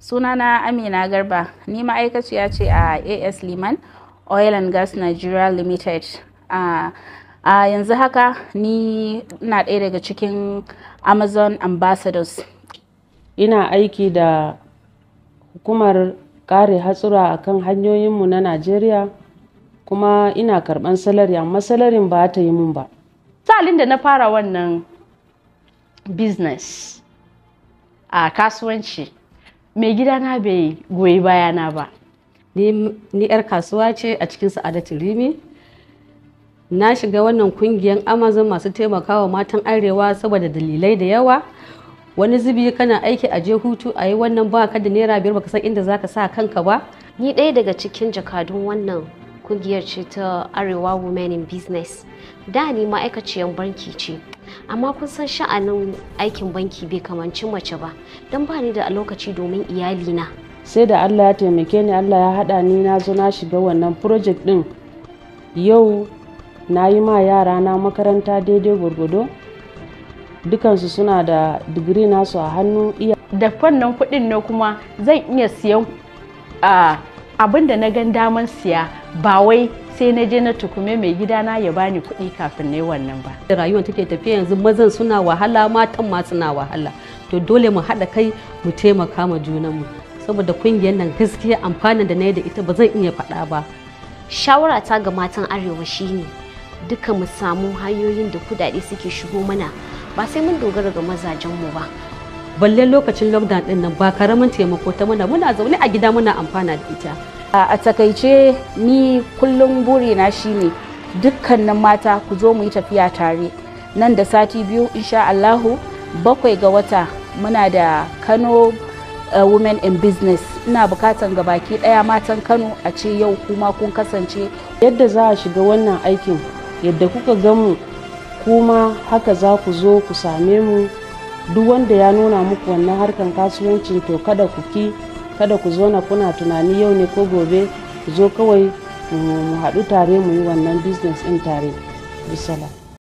sunana amina garba ni ma'aikaciya ce a as liman oil and gas nigeria limited a yanzu haka ni na ɗaya daga cikin amazon ambassadors ina aiki da hukumar kare hatsura a kan hanyoyinmu na najeriya kuma ina karɓan salari amma salarin ba ta yi mun ba salin da na fara wannan business a kasuwanci mai gidana bai goyi bayana ba ni yar kasuwa ce a cikin sa'adatu rimi na shiga wannan kungiyar amazon masu taimakawa matan arewa saboda dalilai da yawa wani zubi kana aiki a je hutu a yi wannan ba ka da naira biyar baka san inda ka sa kanka ba ni ɗaya daga cikin jakadun wannan kungiyar ce ta arewa women in business da ni ma'aikaciyar banki ce amma kun san sha'anin aikin banki bai kamancin mace ba don ba ni da lokaci domin iyalina sai da allah ya taimake ni allah ya haɗa ni na zo na shiga wannan project ɗin yau na yi ma yara na makaranta daidai gwargwado dukansu suna da digiri nasu a hannu iya da fannin kuɗin na kuma zan iya siyan ah, abin na gan daman siya ba wai sai na je na tukume mai gidana ya bani kuɗi kafin na yi wannan ba da rayuwar take tafiya yanzu mazan suna wahala matan ma suna wahala to dole mu haɗa kai mu taimaka ma junanmu saboda kungiyar nan gaskiya amfanin da na yi da ita ba zan iya faɗa ba shawara ta ga matan arewa shine duka mu samu hanyoyin da kudade suke shigo mana ba sai mun dogara ga mazajenmu ba balle lokacin lockdown din nan ba karamin taimako ta muna muna zaune a gida muna amfana da ita a takaice ni kullum buri burina shine dukkanin mata ku zo mu yi tafiya tare nan da sati biyu insha Allahu bakwai ga wata muna da Kano uh, women in business ina bukatan ga baki daya matan Kano a ce yau kuma kun kasance yadda za a shiga wannan aikin yadda kuka gamu kuma haka za ku zo ku same mu duk wanda ya nuna muku wannan harkan kasuwancin to kada ku ki kada ku zo na kuna tunani yau ne ko gobe ku zo kawai mu haɗu tare mu yi wannan business in tare bisala